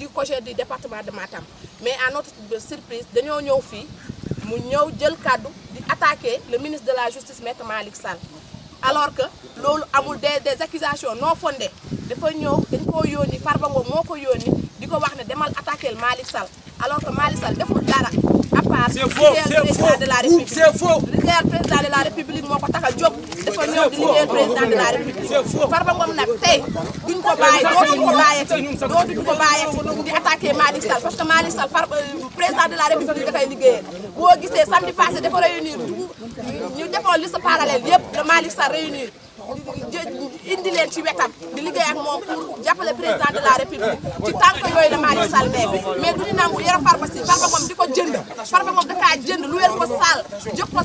du projet du département de Matam mais à notre surprise nous avons fait, mu ñëw jël le ministre de la justice maître Malik Sall alors que nous des des accusations non fondées dafa koo yónni Farba Ngom moo ko yónni di ko wax ne demal attaquer Malick Sall alors que Malick Sall deful dara à part c'est faux c'est faux de la République c'est faux leader président de la République moo ko tax a jóg dafa ñëw di leader président de la République Farba Ngom nag tey duñ ko bàyyi dootuñ ko bàyyeeti dootuñ ko bàyyeeti di attaquer Malick Sall parce que Malick Sall par euh, président de la République dafay liggéeyee boo gisee samedi passé dafa réunir ñu defoon liste parallèle yëpp de Malick Sall réunir indi leen ci wetam di liggéey ak moom pour jàppale président de la république ci tànk yooyu la Macky Sall mais du nangu yore Farba Sy moom di ko jënd Farba moom dafa jënd lu wer ko Sall jox ko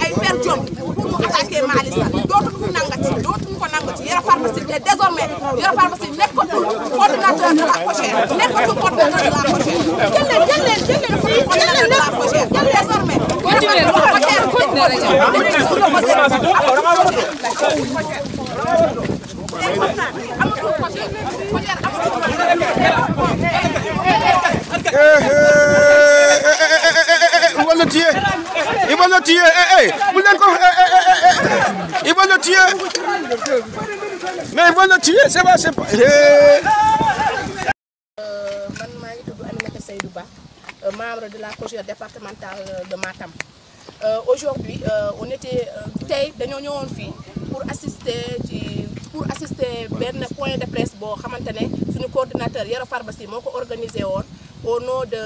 ay per jom pour mu attaquer Macky Sall dootuñu ko nangati dootuñu ko nangati yore Farba Sy mais désormais yore Farba Sy nekkatul coordinateur de la Cojer nekkatul coordinateur de la Cojer jël leen jël leen jël leen coordinateur de la Cojer désormais yore Farba Sy il va le tuer il le tuer il le tuer mais il le tuer c'est pas c'est de la départementale de aujourd'hui on était pour pour assister un point de presse je suis suñu coordinateur de pharmacie pharmacie a été organisé au nom de